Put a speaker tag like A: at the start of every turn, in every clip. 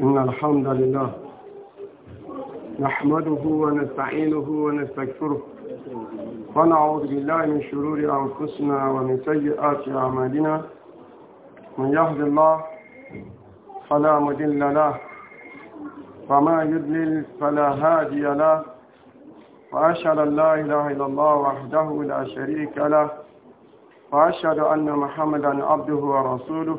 A: إن الحمد لله نحمده ونستعينه ونستغفره ونعوذ بالله من شرور أنفسنا ومن سيئات أعمالنا من يهد الله فلا مدل له فما يدلل فلا هادي له وأشهد أن لا إله إلا الله وحده لا شريك له وأشهد أن محمدا عبده ورسوله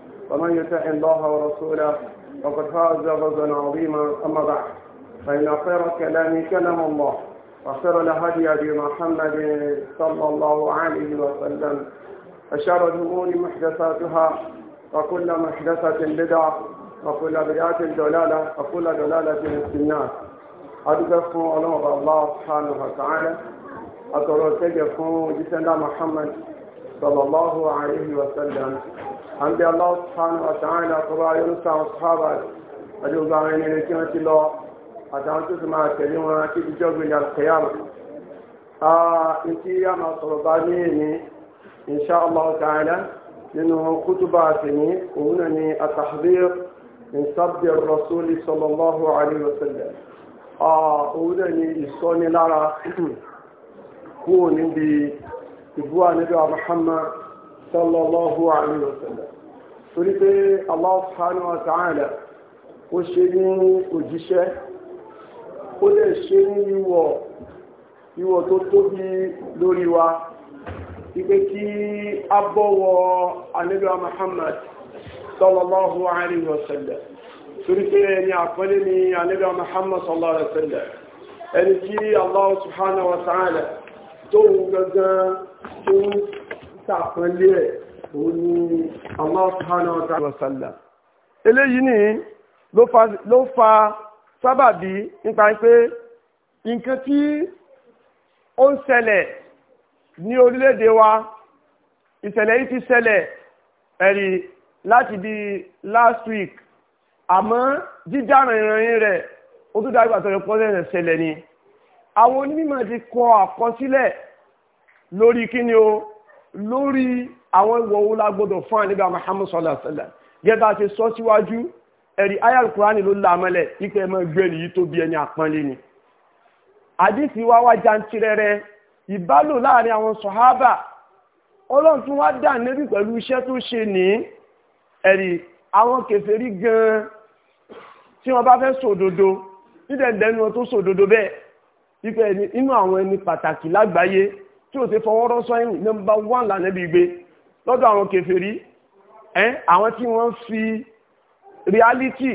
A: ومن يطع الله ورسوله فقد فاز فوزا عظيما أما بعد فإن خير الكلام كلام الله وخير الهدي ابي محمد صلى الله عليه وسلم وشر الأمور محدثاتها وكل محدثة بدعة وكل بدعة دلالة وكل دلالة في الناس adúgbẹ́ الله سبحانه وتعالى allah subhanahu wa محمد صلى الله عليه وسلم عند الله سبحانه وتعالى قضاء يونس وأصحابه أجل ظاهرين لكلمة الله أتعلم تسمع الكريم ونأتي بجوز من القيامة إنتي يا مصربانيني إن شاء الله تعالى انه كتباتني وانني التحضير من صد الرسول صلى الله عليه وسلم وانني الصوني لارا كون بي ìbú ànábì Muhammad sallallahu alayhi wa sallam torí pé Allah subhanahu wa ta'ala ó ṣe ní òjíṣẹ́ ó lè ṣe ní ìwọ̀ ìwọ̀ tó tóbi lórí wa ipé kí a bọ̀wọ̀ ànábì Muhammad sallallahu alayhi wa sallam torí pé ẹni àpọ́lé ni ànábì Muhammad sallallahu alayhi wa sallam ẹni kí Allah subhanahu tóun gangan tó ń sàpọ́nlé ẹ̀ òun ni Allah subhanahu wa ta'ala eléyìí ni ló fa sábàbí nípa pé nǹkan tí ó ń ṣẹlẹ̀ ní orílẹ̀-èdè wa ìṣẹ̀lẹ̀ yìí ti ṣẹlẹ̀ ẹ̀rí láti bí last week àmọ́ jíjára ìrìn rẹ̀ ó tún dájú àtọ̀rẹ̀ pọ́lẹ̀ ṣẹlẹ̀ ni àwọn onímọ̀ ti kọ àkọsílẹ̀ lórí kíni o lórí àwọn ìwọ̀ owó lágbọ́dọ̀ fún àníbà Muhammad sallallahu alaihi wasallam gẹ́gà ti sọ síwájú ẹ̀rí ayal Kùránì ló lámọ́lẹ̀ ipẹ́ mọ́ gbẹ̀rì yìí tó bí ẹni àpọ́nlé ni àdìsí wá wá jantirẹrẹ ìbálò láàrin àwọn sọ̀hábà ọlọ́run tún wá dà níbi pẹ̀lú iṣẹ́ tó ṣe ní ẹ̀rí àwọn kèfèrí gan-an tí wọ́n bá fẹ́ sòdodo nídẹ̀ẹ́dẹ́nu tó sòdodo bẹ́ẹ̀ ife ẹni inú àwọn ẹni pàtàkì lágbàáyé tí ò ṣe fọwọ́ rọ́ sọ́yìn nọ́mbà wán lànàbí gbé lọ́dọ̀ àwọn kèfèrí ẹ àwọn tí wọ́n fi reality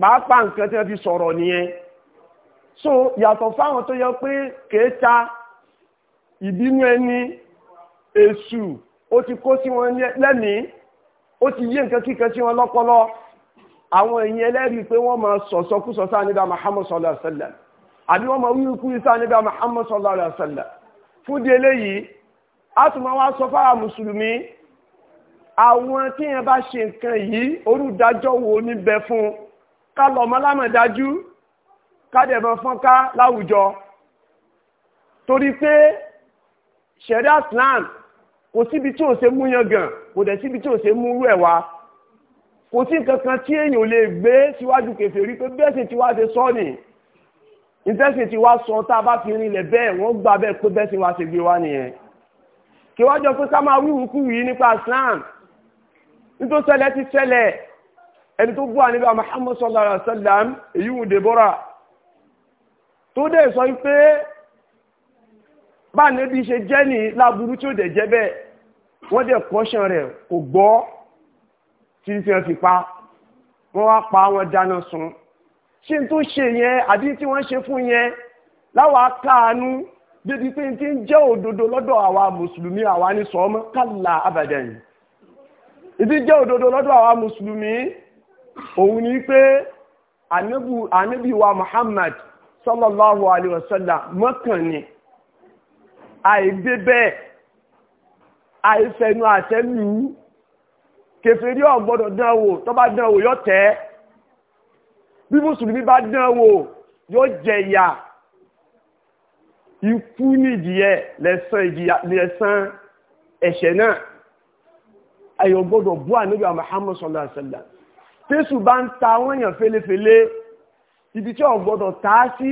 A: pàápàá nǹkan tí wọ́n fi sọ̀rọ̀ nìyẹn so yàtọ̀ fáwọn tó yẹ pé kéta ìbínú ẹni èṣù ó ti kó sí wọn lẹ́mìí ó ti yé nǹkan kíkan sí wọn lọ́pọlọ àwọn èèyàn ẹlẹ́rìí pé wọ́n máa sọ̀sọ́kúsọ sáà nígbà Muhammad sallallahu alaihi wasallam àbí wọ́n máa wí kú isa níbi Muhammad sallallahu alaihi wasallam fún di eléyìí a tún máa wá sọ fáwọn mùsùlùmí àwọn tí yẹn bá ṣe nǹkan yìí olùdájọ́ wo níbẹ̀ fún ká lọ ọmọ lámọ̀dájú ká dẹ̀bọ̀ fọ́nká láwùjọ torí pé sharia Islam kò síbi tí ò ṣe mú yangàn kò dẹ̀ síbi tí ò ṣe mú rú ẹ̀ wá kò sí nǹkan kan tí èèyàn lè gbé síwájú kèfèrí pé bẹ́ẹ̀ sì ti wá ṣe sọ́ọ̀nì ìtẹ́sìn ti wá sọ tá a bá fi rinlẹ̀ bẹ́ẹ̀ wọ́n gbà bẹ́ẹ̀ pé bẹ́ẹ̀ sì wá ṣe gbé wá nìyẹn kí wọ́n jọ pé ká máa wíwú kú yìí nípa Islam nítorí ṣẹlẹ̀ ti ṣẹlẹ̀ ẹni tó gbọ́ àníbà Muhammad sallallahu alaihi wa sallam èyí wù Deborah tó dé sọ pé bá níbi ṣe jẹ́ ní láburú tí ó dẹ̀ jẹ́ bẹ́ẹ̀ wọ́n dẹ̀ kọ́ṣán rẹ̀ kò gbọ́ tí ti fi pa wọ́n wá pa wọ́n dáná sun ṣe tó ṣe yẹn àbí tí wọ́n ṣe fún yẹn láwa káàánú débi pé ti ń jẹ́ òdodo lọ́dọ̀ àwa mùsùlùmí àwa ní sọ́ọ́mọ́ kálá abadan ìdí jẹ́ òdodo lọ́dọ̀ àwa mùsùlùmí òun ni pé ànábì Muhammad sallallahu alaihi wasallam mọ́kàn ni àìbébẹ́ àìfẹnu àtẹ́lú kèfèrí ọ̀gbọ́dọ̀ dánwò tó bá dánwò yọ bí mùsùlùmí bá dán wò yóò jẹ ìyà ikú nìdíyẹ lẹ́sàn ẹ̀ṣẹ̀ náà ẹ̀yọ̀ gbọ́dọ̀ bú ànábì Muhammad sallallahu alaihi wasallam tẹ́sù bá ń ta wọ́n èèyàn fẹ́lẹ́fẹ́lẹ́ ibi tí ò gbọ́dọ̀ ta sí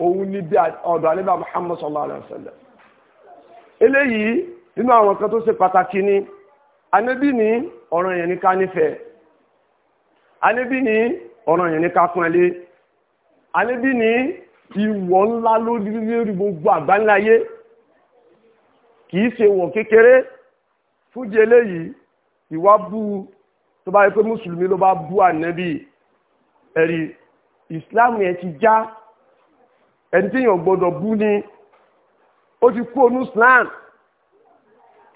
A: òun níbi ọ̀dọ̀ ànábì Muhammad sallallahu alaihi wasallam eléyìí nínú àwọn kan tó ṣe pàtàkì ni ànábì ní ọ̀ràn yẹn ní ká nífẹ̀ẹ́ ànábì ní ọ̀ràn yẹn ní ká fún ẹlé alébí ní ìwọ̀ ńlá lórí lórí gbogbo àgbáńláyé kìí ṣe wọ̀ kékeré fújì eléyìí ìwà bú tó bá yẹ pé mùsùlùmí ló bá bú ànẹ́bí ẹ̀rí ìsìláàmù yẹn ti já ẹni tí yàn gbọ́dọ̀ bú ni ó ti kú onú islam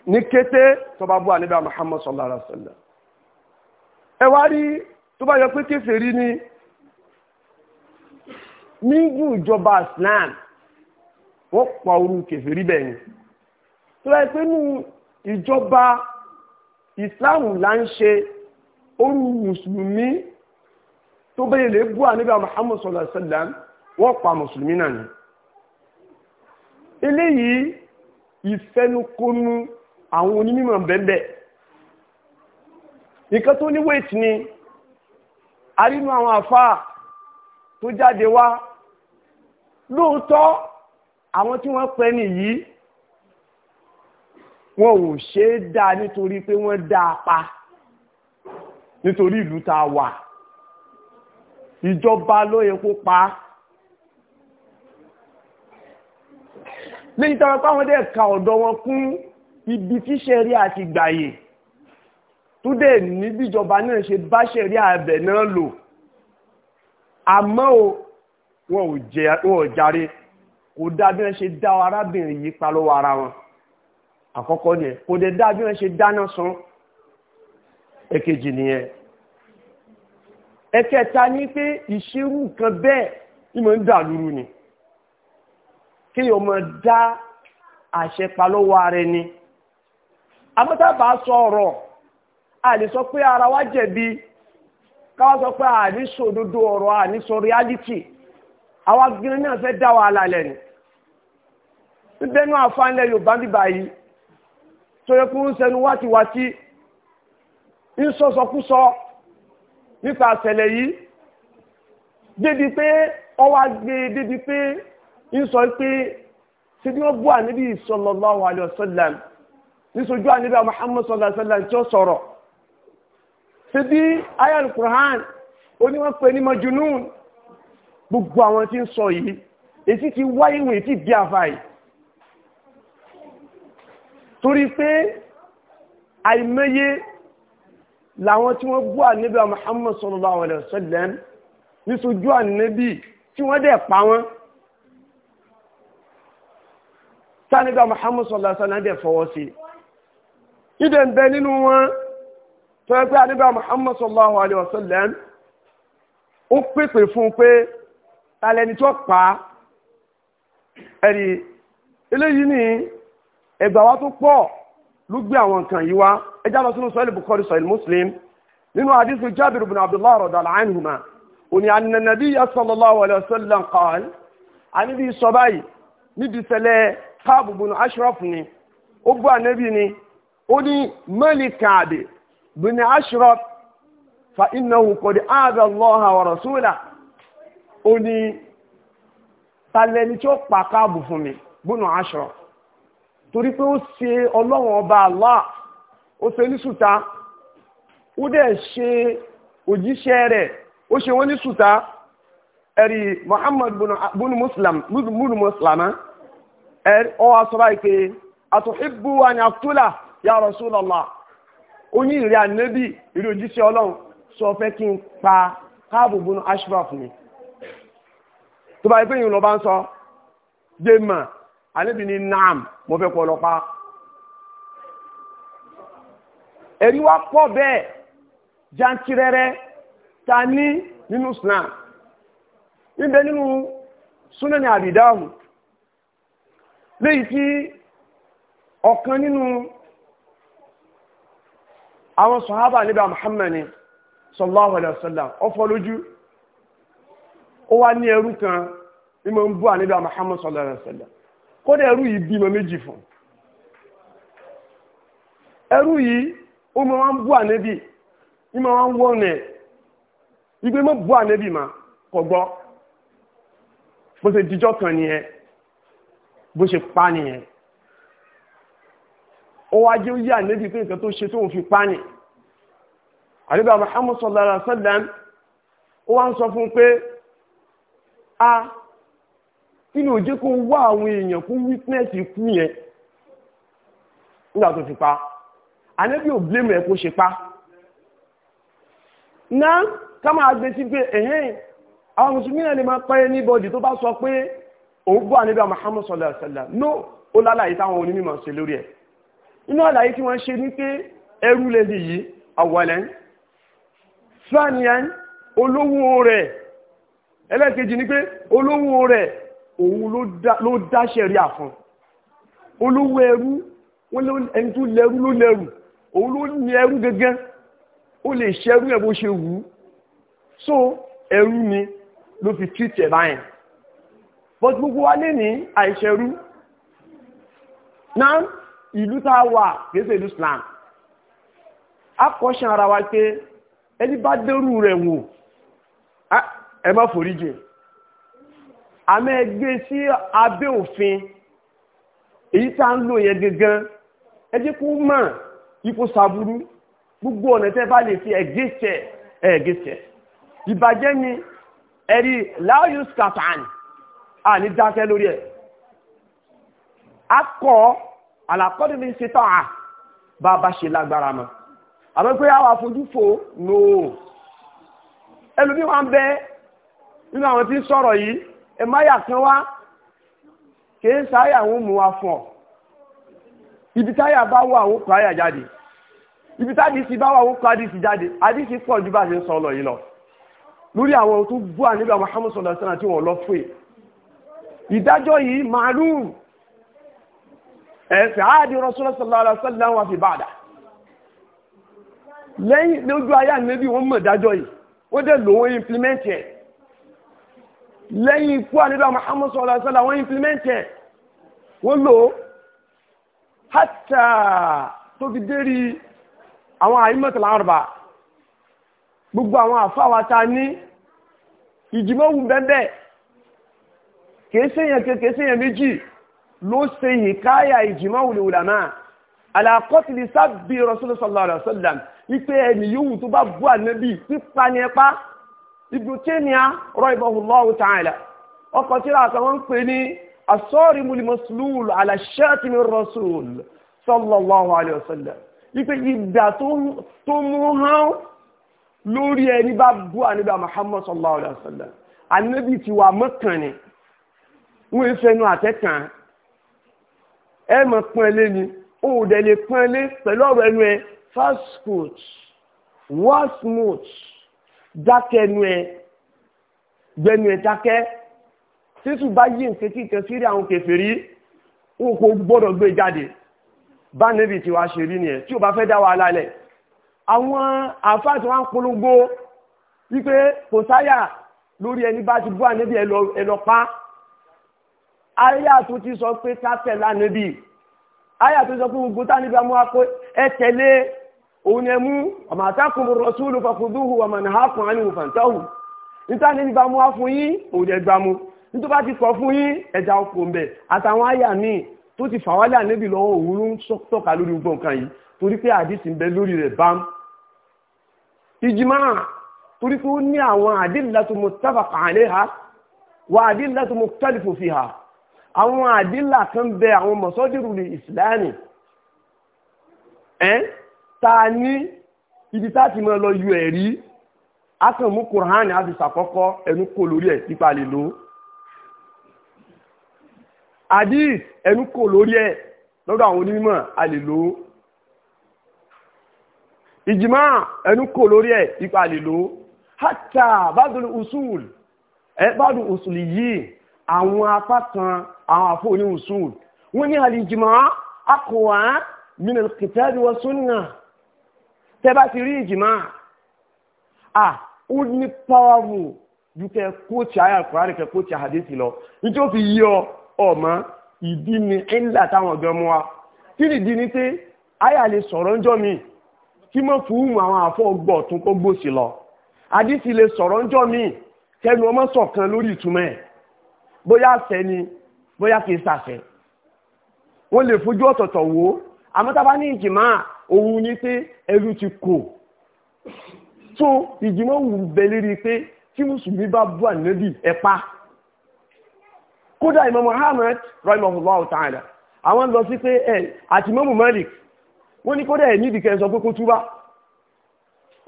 A: ní kété tó bá bú ànẹ́bí Muhammad sallallahu alaihi wasallam ẹ wá rí tó bá yọ pé kèfèrí ni nígbù ìjọba islam wọ́n pa orú kèfèrí bẹ́ẹ̀ ni tó bá yẹ pé nínú ìjọba islam là ń ṣe orú mùsùlùmí tó bẹ́ẹ̀ lè bú àníbà muhammad sallallahu alaihi wasallam wọ́n pa mùsùlùmí náà ni eléyìí ìfẹnukonu àwọn onímọ̀ bẹ́ẹ̀ bẹ́ẹ̀ nǹkan tó ní wéètì ni arínú àwọn àfáà tó jáde wá lóòótọ́ àwọn tí wọ́n pẹ́ nìyí wọn ò ṣe é dá nítorí pé wọ́n dá a pa nítorí ìlú tá a wà ìjọba ló yẹ kó pa á. lẹ́yìn tí dẹ̀ ka ọ̀dọ̀ wọn kún ibi tíṣẹ́ rí àti gbàyè tó dẹ̀ ní bíjọba náà ṣe bá ṣẹ̀rí àbẹ̀ náà lò àmọ́ o wọn ò jàre kò dá bí wọ́n ṣe dá arábìnrin yìí pa lọ́wọ́ ara wọn àkọ́kọ́ nìyẹn kò dẹ̀ dá bí wọ́n ṣe dáná sun ẹ̀kejì nìyẹn ẹ̀kẹta ní pé ìṣerú nǹkan bẹ́ẹ̀ ìmọ̀ ń dà lúrú ni kí ọmọ dá àṣẹ pa lọ́wọ́ ara ẹni abọ́tàbà sọ ọ̀rọ̀ a lè sọ pé ara wa jẹ̀bi káwá sọ pé a ní sọ òdodo ọ̀rọ̀ a ní sọ reality àwa gírin náà fẹ́ dá wàhálà lẹ́nu níbẹ̀nu àfáànlẹ̀ yorùbá bíbá yìí tó yẹ kó ń sẹnu wátiwátí ń sọsọkúsọ nípa àṣẹlẹ̀ yìí débi pé ọwọ́ agbè e débi pé ń sọ pé ṣe bí bú àníbi sallallahu alaihi wasallam níṣojú àníbi Muhammad sallallahu alaihi wasallam tí ó sọ̀rọ̀ ṣebí ayal Qur'an ó ní wọ́n pè ní majunun gbogbo àwọn tí ń sọ yìí èsì ti wáyé wọn èsì bí àfàì torí pé àìmọye làwọn tí wọ́n bú ànábì Muhammad sallallahu alaihi wasallam ní ṣojú ànábì tí wọ́n dẹ̀ pa wọ́n sánígbà Muhammad sallallahu alaihi wasallam dẹ̀ fọwọ́ sí ìdẹ̀ ń bẹ nínú wọn fẹ́ẹ́gbẹ́ àdébà Muhammad sallallahu alayhi wa sallam ó pèpè fún un pé talẹ́ni tó pa á ẹ̀rí eléyìí ní ẹgbà wa tó pọ̀ ló gbé àwọn nǹkan yìí wá ẹjá lọ sínú sọ́ọ̀lì Bukhari sọ́ọ̀lì Muslim nínú àdísù Jabir bin Abdullah radiyallahu anhuma òní anna nabiyya sallallahu alayhi wa sallam qala àníbi sọ báyìí níbi ṣẹlẹ̀ Ka'b bin Ashraf ni ó gbọ́ ànábì ni ó ní mẹ́lì káàdì بن أشرف فإنه قد آذى الله ورسوله أني tàlẹ́ni tí ó pa káàbù fún mi se ọlọ́run ọba Allah o ṣe ní sùta ó dẹ̀ ṣe òjíṣẹ́ rẹ̀ ó ṣe wọ́n ní sùta ẹ̀rí Muhammad bùnú muslim bùnú muslima ẹ̀rí ọwọ́ aṣọ àtúlà ya Rasulullah ó ní ìrẹ́ ànẹ́bì ìrẹ́ òjíṣẹ́ ọlọ́run sọ fẹ́ kí n pa káàbù ashraf mi tó bá yẹ pé ìyún lọ bá ń sọ dé mà ànẹ́bì ní naam mo fẹ́ pọ̀ lọ́pàá ẹ̀rí wa pọ̀ bẹ́ẹ̀ jantirẹrẹ ta ní nínú islam níbẹ̀ nínú súnẹ́ni àbìdáhùn léyìí tí ọ̀kan nínú àwọn sọ̀hábà níbà Muhammad sallallahu alaihi wasallam ọfọ́ lójú ó wá ní ẹrú kan ní mọ̀ ń bú àníbà Muhammad sallallahu alaihi wasallam kódà ẹrú yìí bímọ méjì fún ẹrú yìí ó mọ̀ wọ́n bú àníbì ní mọ̀ wọ́n wọ́n nẹ̀ ìgbé mọ̀ bú àníbì mà kọ̀ gbọ́ bó ṣe dijọ́ kan nìyẹn bó ṣe pa nìyẹn ó wá jẹ́ yí ànẹ́bí pé nǹkan tó ṣe tó ń fi pánì àríbà Muhammad sallallahu alaihi wasallam ó wá ń sọ fún pé a inú òjé kó wá àwọn èèyàn kó wítínẹ́sì kú yẹn nígbà tó fi pa ànẹ́bí ò blame ẹ̀ kó ṣe pa náà ká máa gbé sí pé ẹ̀hẹ́n àwọn mùsùlùmí náà lè máa pẹ́ anybody tó bá sọ pé òun bọ́ ànẹ́bí Muhammad sallallahu alaihi wasallam no ó lálàyé táwọn onímọ̀ ṣe lórí ẹ̀ inú àlàyé tí wọ́n ṣe ní pé ẹrú lẹ́dí yìí àwọ̀lẹ́ sanian olówó rẹ̀ ẹlẹ́kejì ni pé olówó rẹ̀ òun ló dáṣẹ̀ rí àfọn olówó ẹrú ẹni tó lẹ́rú ló lẹ́rù òun ló ní ẹrú gẹ́gẹ́ ó lè ṣẹrú ẹ̀ bó ṣe wù ú so ẹrú ni ló fi treat ẹ̀ báyẹn but gbogbo wa lè ní àìṣẹrú náà ìlú tá a wà kéèsè ìlú Islam akọ́ṣẹ́ ara wa pé ẹni bá dẹ́rù rẹ̀ wò ẹ má foríjì àmẹ́ ẹgbẹ́ sí abẹ́ òfin èyí tá ń lò yẹn gangan ẹ jẹ́ kó mọ̀ ipò sàbúrú gbogbo ọ̀nà tẹ́ bá lè fi ẹ̀gẹ́sẹ̀ ẹ̀gẹ́sẹ̀ ìbàjẹ́ ni ẹ̀rí láàyò skàtàn à ní dákẹ́ lórí ẹ̀ akọ́ àlàkọ́dé mi ṣe tán à bá a bá ṣe lágbára mọ́ àmọ́ pé àwọn àfojúfò nò ẹlòmíì wọn bẹ nínú àwọn tí ń sọ̀rọ̀ yìí ẹ má yà kán wá kìí sáyà àwọn mú wa fún ọ ibi táyà bá wọ àwọn kọ àyà jáde ibi tádìsí bá wọ àwọn kọ àdìsí jáde àdìsí pọ̀ ju bá a ṣe ń sọ lọ yìí lọ lórí àwọn tó bú àníbà Muhammad sallallahu alaihi wasallam tí wọ́n lọ fún ẹ e. ìdájọ́ yìí màálùú ẹ sàádì Rasulullah sallallahu alaihi wasallam wa fi ba'da lẹ́yìn lójú ayé ànẹ́bí wọ́n mọ̀ dájọ́ yìí wọ́n dẹ̀ lò wọ́n implement ẹ̀ lẹ́yìn ikú ànẹ́bí Muhammad sallallahu alaihi wasallam wọ́n implement ẹ̀ wọ́n lò ó hátà tó fi dérí àwọn àyímọ̀tàlá àrùbà gbogbo àwọn àfáwata ní ìjìmọ̀wù bẹ́ẹ̀ kìí ṣèyàn kékeré ṣèyàn méjì ló ṣe hìkáyà ìjìmọ́ wùlùwùlàmá àlàkọ́tìlì sábì rọ́sọ́lù sallallahu alaihi wasallam wípé ẹni yòówù tó bá bú ànábì pípa ni ẹpá ibnu Taymiyyah rahimahullahu ta'ala ọkọ̀ tí ra kan wọ́n ń pè ní asọ́rìmùlì mọ́sùlùl ala shatimi rọ́sùl sallallahu alaihi wasallam wípé ìgbà tó mú hán lórí ẹni bá bú ànábì Muhammad sallallahu alaihi wasallam ànábì ti wà mọ́kàn ni wọ́n ń àtẹ́kàn ẹ mọ̀ pọ́n lé ni ó dẹ̀ lè pọ́n lé pẹ̀lú ọ̀rọ̀ ẹnu ẹ fast food worst mood dákẹ́ ẹnu ẹ gbẹnu ẹ dákẹ́ títù bá yí nǹkan tí ìtẹ̀ sí rí àwọn kẹfẹ́rí ó kò gbọ́dọ̀ gbé jáde bá níbi tí wàá ṣe rí nìyẹn tí ò bá fẹ́ dá wàhálà lẹ̀ àwọn àfáà tí wọ́n polongo wípé kò lórí ẹni bá ti bú àníbi ẹ lọ pa àyà tó ti sọ pé kátẹ̀ lánàbí àyà tó sọ pé gbogbo tánibí amú akó ẹ tẹ̀lé òun ẹ mú ọmọ àtàkùn rọ̀súlù fàkùdúhù ọmọ nàákùn ánìwò fàǹtọ́hù nítànibí bá mú wá fún yín òun ẹ gbámú nítorí bá ti kọ̀ fún yín ẹja ọkọ̀ ńbẹ àtàwọn àyà míì tó ti fà wálé ànẹ́bì lọ́wọ́ òun ló ń tọ́ka lórí gbọ̀n kan yìí torí pé àdìsí ń bẹ lórí rẹ̀ bám ìjìmá torí pé ó ní àwọn àdìlẹ́tùmọ̀ tábàkà àléhà wà àdìlẹ́tùmọ̀ tẹ́lifù fi hà àwọn àdílà kan bẹ àwọn mọ̀sọ́dìrù ìsìláàmì ẹ́ ta ní ibi tá ti mọ́ lọ yọ ẹ̀rí a kàn mú kùránì àti sàkọ́kọ́ ẹnu kò lórí ẹ̀ pípa lè lò àdíìs ẹnu kò lórí ẹ̀ lọ́dọ̀ àwọn onímọ̀ a lè lò ìjìmá ẹnu kò lórí ẹ̀ pípa lè lò hátà bádùn usul ẹ bádùn usul yìí àwọn apá kan àwọn àfọ oníwùsùn wọ́n ní àlìjìmọ́ akọ̀wá min al-kitabi wa sunnah tẹ́ bá ti rí ìjìmọ́ à ó ní powerful ju kẹ kóòtù ayé àkùrárì kẹ kóòtù àhàdésì lọ nítorí ó fi yí ọ ọmọ ìdí ni ńlá táwọn ọ̀gbẹ́ mú wa kí nìdí ni pé ayà lè sọ̀rọ̀ ńjọ́ mi kí mọ́ fún àwọn àfọ́ ọgbọ̀ tún kó gbòsì lọ àdìsí lè sọ̀rọ̀ ńjọ́ mi kẹnu ọmọ sọ̀kan lórí ìtumọ̀ ẹ̀ bóyá àṣẹ ni bóyá kìí ṣàṣẹ wọ́n lè fojú ọ̀tọ̀ọ̀tọ̀ wò ó àmọ́ tá a bá ní ìjìmá òun ni pé ẹrú ti kò tó ìjìmá wù bẹ pé tí mùsùlùmí bá bú ànábì ẹ̀pa kódà ìmọ̀ Muhammad rahimahullah ta'ala àwọn lọ sí pé ẹ àti mọ́mù Malik wọ́n ní kódà ẹ̀ nídìí kẹ́ ẹ sọ pé kó túbá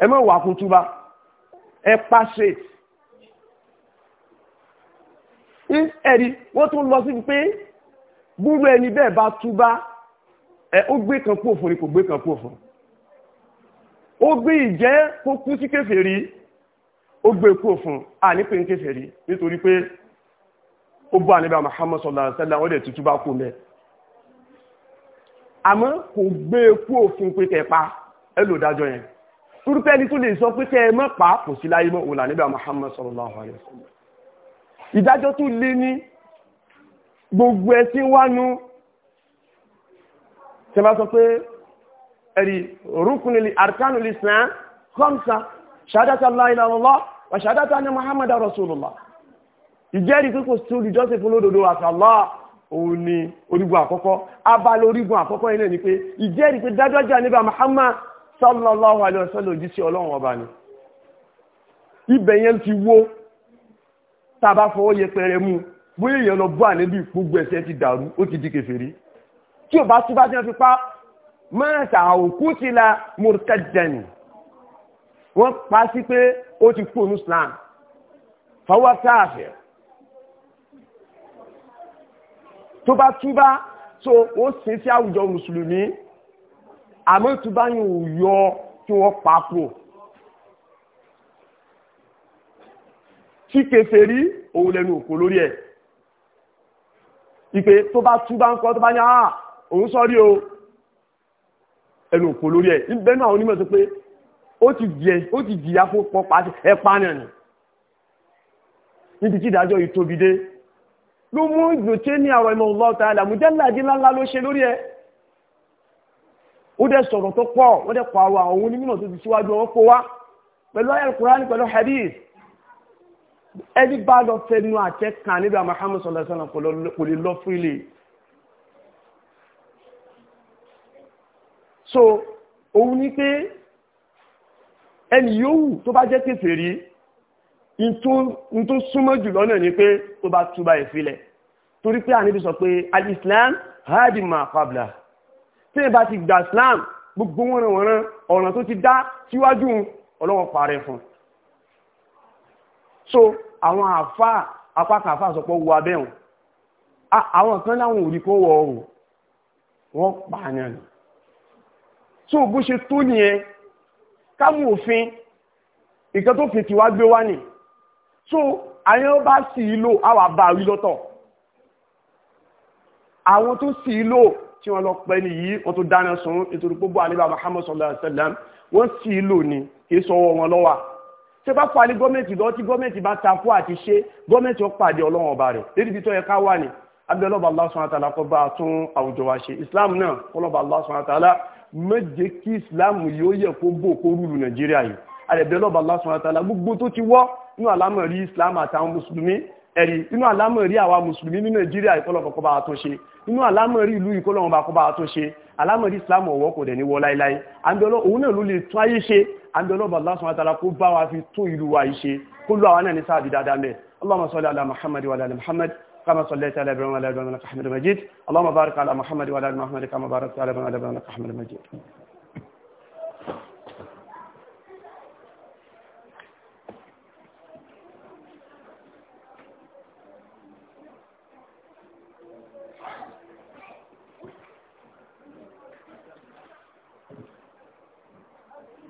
A: ẹ mọ̀ wà kó túbá ẹ pa straight ẹ̀rí wọ́n tún lọ síbi pé gbúrú ẹni bẹ́ẹ̀ bá túbá ẹ̀ ó gbé kan kú òfin kò gbé kan kú òfin ó gbé ìjẹ́ kó kú sí kèfèrí ó gbé kú òfin à ní pé ń kèfèrí nítorí pé ó bọ́ àníbà Muhammad sallallahu alaihi wasallam ó dẹ̀ tútú bá kú mẹ́ àmọ́ kò gbé kú òfin pé tẹ̀ pa ẹ lò dájọ́ yẹn turupẹ́ni tó lè sọ pé tẹ́ mọ́ pa kò sí láyé mọ́ òun àníbà Muhammad sallallahu alaihi wasallam ìdájọ́ tó lé ní gbogbo ẹ̀sìn wánú tí a bá sọ pé ẹ̀rí rúkúnlẹ̀ àrkánù islam khamsa ṣàdátà láìláwọ́lá wà ṣàdátà ní muhammad rasulullah ìjẹ́rìí pé kò sí olùjọ́sìn fún lódodo àtàlá òun ni orígun àkọ́kọ́ abala orígun àkọ́kọ́ yìí náà ni pé ìjẹ́rìí pé dájọ́jà níbà muhammad sallallahu alaihi wasallam òjíṣẹ́ ọlọ́run ọba ni ibẹ̀ yẹn ti wó tá a bá fọwọ́ yẹpẹrẹ mú bóyá èèyàn lọ bú ànábì gbogbo ẹ̀ṣẹ̀ ti dàrú ó ti di kèfèrí tí ò bá túbá tí wọ́n fi pa mẹ́ta òkú ti la murtadani wọ́n pa sí pé ó ti kú ònú islam fọwọ́ sáàfẹ́ tó bá túbá tó ó sin sí àwùjọ mùsùlùmí àmọ́ túbá yìí ò yọ kí wọ́n pa kúrò. tí kèfèrí òun lẹ́nu òkò lórí ẹ̀ ìpè tó bá tú bá ń kọ́ tó bá ní àá òun sọ́rí o ẹnu òkò lórí ẹ̀ ìbẹ́nu àwọn onímọ̀ tó pé ó ti jìyà fún pọ́pá ẹ̀pá náà nì níbi tí ìdájọ́ yìí tóbi dé ló mú ìgbòtí ní àwọn ẹmọ ọlọ́ta àlàmújẹ́láàdí ńláńlá ló ṣe lórí ẹ̀ ó dẹ̀ sọ̀rọ̀ tó pọ̀ wọ́n dẹ̀ pọ̀ àwọn onímọ̀ tó ti síwájú wọn kó wá pẹ̀lú ayẹ́lùkúránì pẹ̀lú hadith ẹni bá lọ fẹnu àtẹ kan níbi Muhammad sallallahu alaihi wasallam kò lè lọ fún ilé so òun ni pé ẹni yòówù tó bá jẹ́ kèfèrí n tó súnmọ́ jù lọ́nà ni pé tó bá túbà ìfilẹ̀ torí pé àníbi sọ pé al-Islam hadi ma qabla tí ẹ bá ti gbà Islam gbogbo wọ́nrẹ̀wọ̀nrẹ̀ ọ̀ràn tó ti dá síwájú ọlọ́wọ́ parẹ́ fún so àwọn àfá apákan àfá sọpọ̀ wọ abẹ́hùn àwọn kan láwọn òrí kó wọ ọrùn wọ́n pààyàn nì tó bó ṣe tó nìyẹn kámú òfin ìkan tó fi ti wá gbé wá nì tó àyàn bá sì í lò àwà bá rí lọ́tọ̀ àwọn tó sì í tí wọ́n lọ pẹ́ nìyí wọ́n tó dáná sun nítorí pé bó alẹ́ sallallahu alaihi wasallam wọ́n sì í lò ní kí sọ́wọ́ wọn lọ́wọ́ ṣe bá falẹ̀ gọ́ọ̀mẹ̀ntì lọ tí gọ́ọ̀mẹ̀ntì bá takú àti ṣe gọ́ọ̀mẹ̀ntì ó pàdé ọlọ́run ọba rẹ̀ lédi bí tó yẹ ká wà ní abẹ́lọ́ba Allah kó bá a tún àwùjọ wa ṣe islam náà kọ́lọ́ba Allah subhanahu wa ta'ala méje kí islam yóò yẹ kó bò kó rúlu nàìjíríà yìí àdẹ̀bẹ́lọ́ba Allah subhanahu wa ta'ala gbogbo tó ti wọ́ inú àlámọ̀rí islam àtàwọn mùsùlùmí ẹ̀rí inú àlámọ̀rí àwa mùsùlùmí ní nàìjíríà ìkọlọ́kọ̀ kọba àtúnṣe inú àlámọ̀rí ìlú ìkọlọ́kọ̀ kọba àtúnṣe àlámọ̀rí islam ọ̀wọ́ kò dẹ̀ ní wọ láíláí àbẹ̀lọ́ òun náà ló lè tún ayé ṣe àbẹ̀lọ́bà lásán àtàrà kó bá wa fi tó ìlú wa iṣẹ́ kó lọ àwọn náà ní sáàbì dáadáa mẹ́ Allahumma salli ala Muhammad wa ala Muhammad كما صليت على ابراهيم وعلى ابراهيم انك حميد مجيد اللهم بارك على محمد وعلى ال محمد كما باركت على ابراهيم وعلى ابراهيم انك حميد مجيد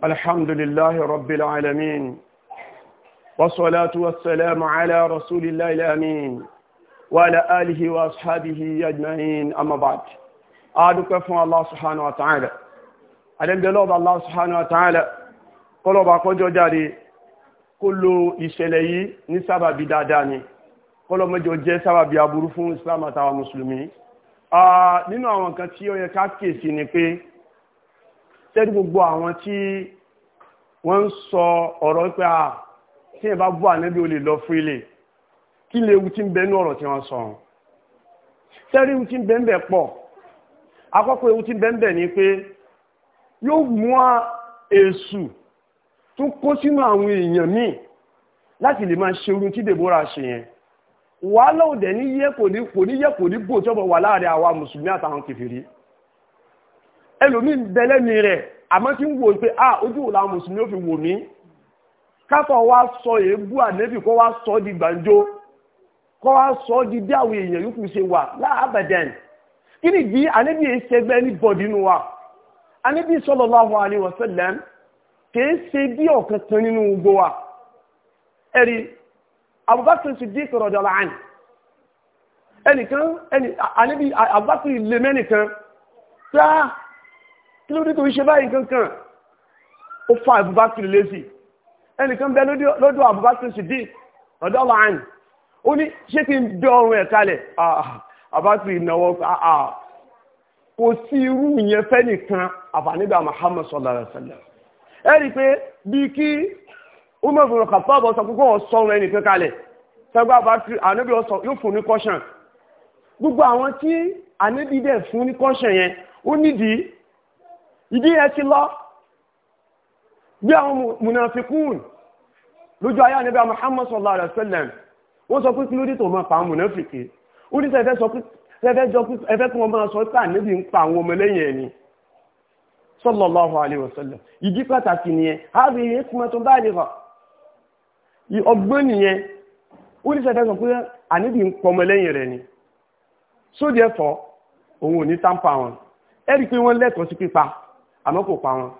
A: الحمد لله رب العالمين والصلاة والسلام على رسول الله الأمين وعلى آله وأصحابه يجمعين أما بعد أدعوك فون الله سبحانه وتعالى ألم بلوب الله سبحانه وتعالى قلوب أقوجو جاري كل إشلي نسبة بداداني قلوب مجو جي سبب بيابرو فون إسلام وتعالى مسلمين nínú àwọn kan tí ó yẹ ká tẹ́rí gbogbo àwọn tí wọ́n ń sọ ọ̀rọ̀ pé à ah, tí ẹ bá bú ànábì o lè lọ fún ilé kí lè ewu tí ń bẹnú ọ̀rọ̀ tí wọ́n sọ ọ̀hún tẹ́rí ewu tí ń bẹ ń bẹ pọ̀ àkọ́kọ́ ewu tí ń bẹ ni pé yóò mú èṣù tó kó sínú àwọn èèyàn míì láti lè máa ṣe orun tí dèbóra ṣe yẹn wàhálà òdẹ ní yẹ kò ní yẹ kò ní bò tí ọbọ wà láàrin àwa mùsùlùmí àtàwọn kèfèrí ẹlòmíì ń bẹ lẹ́nu rẹ̀ àmọ́ tí ń wò pé a ojú wo làwọn mùsùlùmí ó fi wò mí káfọ̀ wa sọ èébú ànẹ́bì kó wa sọ di gbàǹjo kó wa sọ di bí àwọn èèyàn yòókù ṣe wà láàbàdàn kí ni di ànẹ́bì yìí ṣẹgbẹ́ ní bọ̀dì nù wa ànẹ́bì sallallahu alaihi wasallam kìí ṣe bí ọ̀kan kan nínú gbogbo wa ẹ̀rí Abubakar Siddiq radiyallahu anhu ẹnìkan ẹnì ànẹ́bì Abubakar lè mẹ́nìkan sáà kí ló dé tó ṣe báyìí kankan ó fa Abubakar lẹ́sì ẹnìkan bẹ lọ́dọ̀ Abubakar Siddiq ọ̀dọ́ láàrín ó ní ṣé kí n dẹ ọrùn ẹ̀ kalẹ̀ ah, Abubakar ìnáwó ah, ah. kò sí irú ìyẹn fẹ́ nìkan àfàníbà Muhammad sallallahu alaihi wasallam ẹ rí i pé bíi kí Umar bin Khattab sọ pé kò sọ̀rọ̀ ẹnìkan kalẹ̀ sẹ́gbà bá fi ànábì ọ̀sán yóò fún ní kọ́ṣàn gbogbo àwọn tí ànábì dẹ̀ fún ní kọ́ṣàn yẹn ó nídìí ìdí yẹn ti lọ bí àwọn mùnàfikún lójú ayé àníbí Muhammad sallallahu alaihi wasallam wọ́n sọ pé kí ló dé tó máa pa àwọn mùnàfikì ó ní sẹ́fẹ́ sọ pé ẹfẹ́ kí wọ́n máa sọ pé àníbí ń pa àwọn ọmọlẹ́yìn ẹni sallallahu alaihi wasallam ìdí pàtàkì nìyẹn àbí ìyẹ́kùnmọ́ tó bá àmọ́ kò pa wọn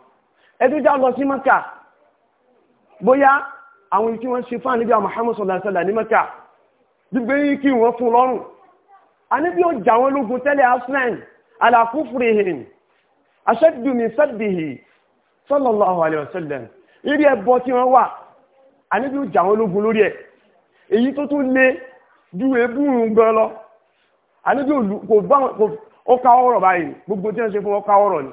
A: ẹtú já lọ sí maka bóyá àwọn tí wọ́n ṣe fún àníbíà Muhammad sallallahu alaihi wasallam ní maka gbígbé kí wọ́n fún lọ́rùn àníbí ó jà wọn lógun tẹ́lẹ̀ aslan alakufurihim aṣẹ́dùmí sẹ́dìhì sallallahu alaihi wasallam ibi ẹbọ tí wọ́n wà àníbí ó jà wọn lógun lórí ẹ̀ èyí tó tún lé ju ebúrún gan lọ ọkà ọ̀rọ̀ báyìí gbogbo tí wọ́n ṣe fún ọkà ọ̀rọ̀ ni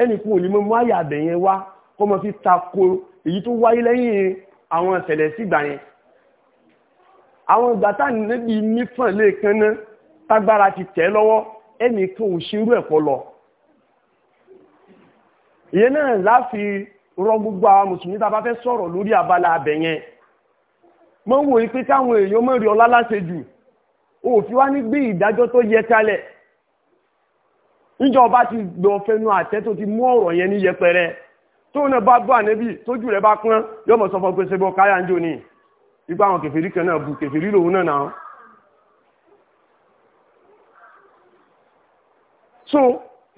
A: ẹnìkan ò ní mọ́ mú àyà àbẹ̀ yẹn wá kó mọ́ fi tako èyí tó wáyé lẹ́yìn àwọn ìṣẹ̀lẹ̀ sígbà yẹn àwọn ìgbà táwọn níbi nífàn lẹ́ẹ̀kan náà tágbára ti tẹ̀ lọ́wọ́ ẹnìkan ò ṣerú ẹ̀kọ́ lọ ìyẹn náà láfi rọ gbogbo àwọn mùsùlùmí tá a bá fẹ́ sọ̀rọ̀ lórí abala abẹ̀ yẹn mọ́ wòye pé káwọn èèyàn mọ̀ rí ọlá láṣẹ jù òfin wá ní gbé ìdájọ́ tó yẹ kalẹ̀ níjọba ti lọ fẹnu àtẹ tó ti mú ọ̀rọ̀ yẹn ní yẹpẹrẹ tó náà bá bọ́ ànẹ́bí tójú rẹ̀ bá pọ́n yóò mọ̀ sọ pé ṣebọ́ káyà ń jò ní ipa àwọn kèfèrí kan náà bu kèfèrí lòun náà náà. so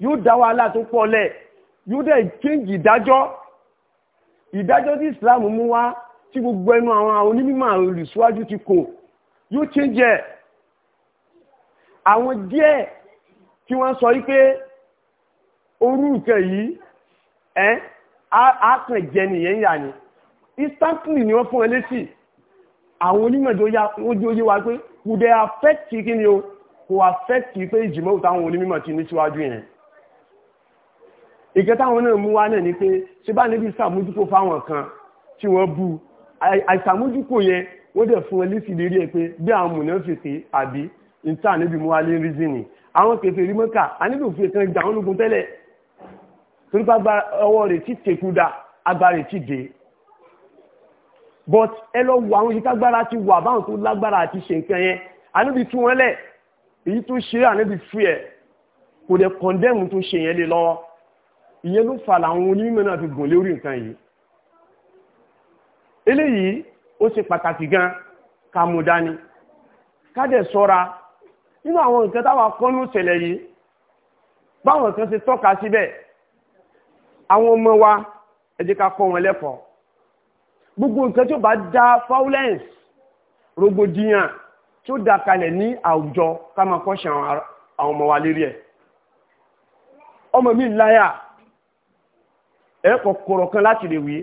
A: yóò dá wàhálà tó pọ̀ lẹ̀ yóò dẹ̀ change ìdájọ́ ìdájọ́ tí Islam mú wá tí gbogbo ẹnu àwọn onímọ̀ olùsíwájú ti kò yóò change ẹ̀ àwọn díẹ̀ kí wọ́n sọ wípé orú nǹkan yìí ẹ́ á kàn jẹ nìyẹn yà ni instantly ni wọ́n fún ẹ létí àwọn onímọ̀jọ yé wa pé kò dé affect kí ni o kò affect pé ìjìmọ̀ táwọn onímọ̀ ti ní síwájú yẹn ìkẹ́ táwọn náà mú wá náà ni pé ṣe bá níbi ìsàmójúkò fáwọn kan tí wọ́n bu àìsàmójúkò yẹn wọ́n dẹ̀ fún ẹ létí lérí ẹ pé bí àwọn mùnà fèsì àbí ìta níbi mú wá lé rízìnì àwọn kèfèrí mọ́kà a nílò fi ẹ̀kan ìjà wọn lógun tẹ́lẹ̀ torí bá ọwọ́ rẹ̀ tí tẹ̀kúdà agbára tí dé but ẹ lọ wo àwọn ìtagbára ti wà báwọn tó lágbára àti ṣe nǹkan yẹn a níbi tú wọn lẹ̀ èyí tó ṣe à níbi fi ẹ̀ kò dẹ̀ kọ̀ndẹ́mù tó ṣe yẹn lé lọ́wọ́ ìyẹn ló fà láwọn onímọ̀ náà fi gùn lórí nǹkan yìí eléyìí ó ṣe pàtàkì gan ká mú dání ká dẹ̀ sọ́ra nínú àwọn nǹkan táwa kọ́nú ìṣẹ̀lẹ̀ yìí báwọn kan ṣe tọ́ka síbẹ̀ àwọn ọmọ wa ẹ jẹ́ ká kọ́ wọn lẹ́kọ̀ọ́ gbogbo nǹkan tí ó bá dá violence rògbòdìyàn tí ó dá kalẹ̀ ní àwùjọ ká máa kọ́ṣẹ́ àwọn ọmọ wa lérí ẹ̀ ọmọ mi láyà ẹ kọ̀kọ̀rọ̀ kan láti lè wí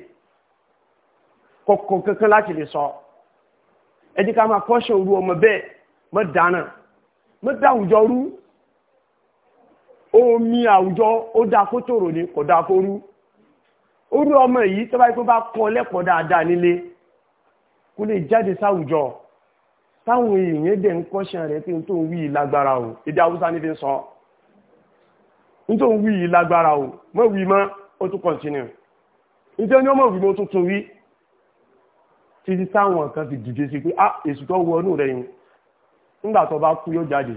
A: kọ̀kọ̀ kankan láti lè sọ ẹ máa kọ́ṣẹ́ orú ọmọ bẹ́ẹ̀ mọ́ dáná ló dá àwùjọ rú omi àwùjọ ó dáa kó tòrò ni kò dáa kó rú ó rú ọmọ yìí tó bá yẹ kó bá kọ́ lẹ́kọ̀ọ́ dáadáa nílé kó lè jáde sáwùjọ táwọn èèyàn dẹ̀ ń kọ́ṣẹ́ rẹ̀ pé tó ń wí lágbára o èdè haúsá ní fi ń sọ ní tó ń wí lágbára o mọ́ wí mọ́ ó tún kọ̀ntínú ní tí ó ní ọmọ wí mọ́ tó tún wí títí táwọn kan fi dìde sí pé ah èsù tó wọ inú rẹ̀ yìí nígbà tó bá kú yóò jáde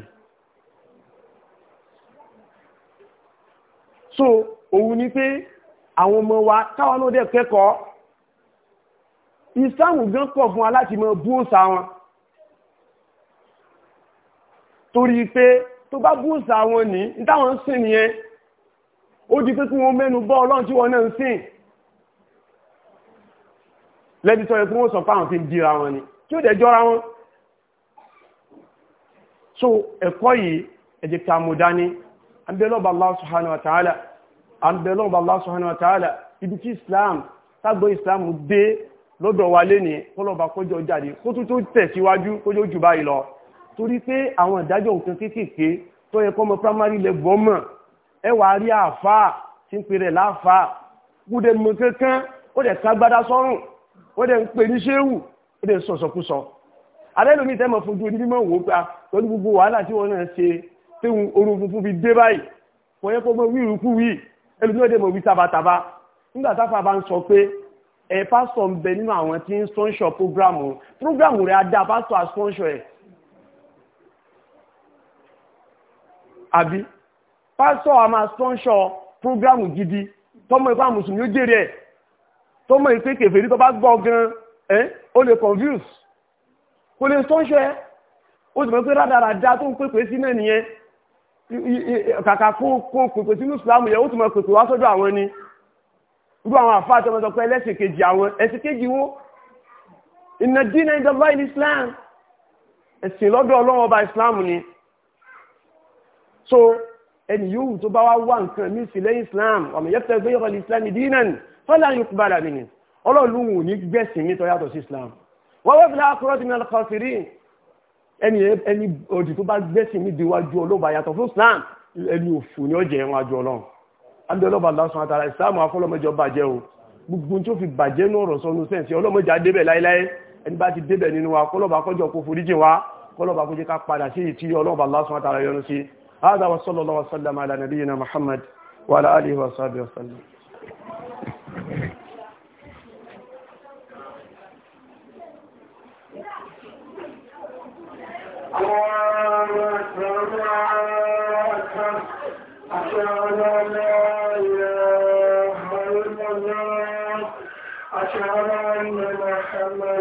A: so òun ni pé àwọn ọmọ wa táwọn náà dẹ̀ kẹ́kọ̀ọ́ ìsáhùn gan pọ̀ fún wa láti mọ bú òsà wọn torí pé tó bá bú òsà wọn ní ìtàwọn ń sìn nìyẹn ó di pé kí wọ́n mẹ́nu bọ́ ọlọ́run tí wọ́n náà ń sìn lẹ́bi sọ yẹ kí wọ́n sọ fáwọn fi ń wọn ni kí ó dẹ̀ jọra wọn so ẹ̀kọ́ yìí ẹ jẹ́ ká mú dání àbẹ̀lọ́bà Allah subhanahu wa ta'ala àbẹ̀lọ́bà Allah subhanahu wa ta'ala ibi tí islam tágbọ́ islam dé lọ́dọ̀ wa lé ní kọ́lọ́bà kójọ jáde kó tún tó tẹ̀síwájú kójọ jù báyìí lọ torí pé àwọn ìdájọ́ nǹkan kéékèèké tó yẹ kọ́mọ primary level mọ̀ ẹ wà rí àáfàá tí ń pèrè láàfàá kúdẹ̀ mọ̀ kankan ó dẹ̀ kágbádá sọ́rùn ó dẹ̀ ń pè ní ṣéwù ó dẹ̀ sọ̀sọ̀kúsọ̀ alẹ́lómi tẹ́mọ̀ fojú ojú mímọ̀ wò pa pẹ̀lú gbogbo wàhálà tí wọ́n náà ṣe tí orun funfun fi dé báyìí wọ́n yẹ kó mọ̀ wí ìrúkú wí ẹlòmí ọdẹ mọ̀ wí tabataba nígbà táfà bá ń sọ pé ẹ pásítọ̀ ń bẹ nínú àwọn tí ń sponsor program program rẹ̀ adá pásítọ̀ à sponsor ẹ̀ àbí pásítọ̀ a máa sponsor program gidi tọmọ ìpá mùsùlùmí ó jèrè ẹ̀ tọmọ ìpé kèfèrí tó bá gbọ́ gan-an ó lè confuse kò lè sọ́ṣẹ́ ó sì mọ̀ pé rádaràdá tó ń pèpè sí náà nìyẹn kàkà kó kó pèpè sínú ìsìlámù yẹn ó sì mọ̀ pèpè wá sọ́dọ̀ àwọn ni irú àwọn àfáà tó mọ̀ pé ẹlẹ́sìn kejì àwọn ẹ̀sìn kejì wo ìnà dínà ìjọba ìlú Islam ẹ̀sìn lọ́dọ̀ ọlọ́wọ́ ọba Islam ni so ẹni yóò tó bá wá wá nǹkan mí sí Islam ọmọ yẹn fẹ́ gbé yọkọ̀ ní Islam dínà fọlá yóò kú bára mi ni ọlọ́run lóhùn ò Islam wọ́n wọ́n fi láàkúrọ́ ti mìíràn kan sí rí ẹni ẹni òdì tó bá gbẹ́sìn ní ìdíwájú ọlọ́ba yàtọ̀ fún islam ẹni òfò ni ó jẹ́ ẹ̀wọ̀n àjọ ọlọ́run àbí ọlọ́ba lásán àtàrà islam afọlọ́mọjọ bàjẹ́ o gbogbo tó fi bàjẹ́ ní ọ̀rọ̀ sọnù sẹ́ǹsì ọlọ́mọjọ adébẹ̀ láíláí ẹni bá ti débẹ̀ nínú wa kọlọ́ba kọjọ kó foríjì wa kọlọ́ba kó jẹ́ ká padà sí ìtì ọlọ́ba lásán àtàrà yọnu sí أشهد أن محمدا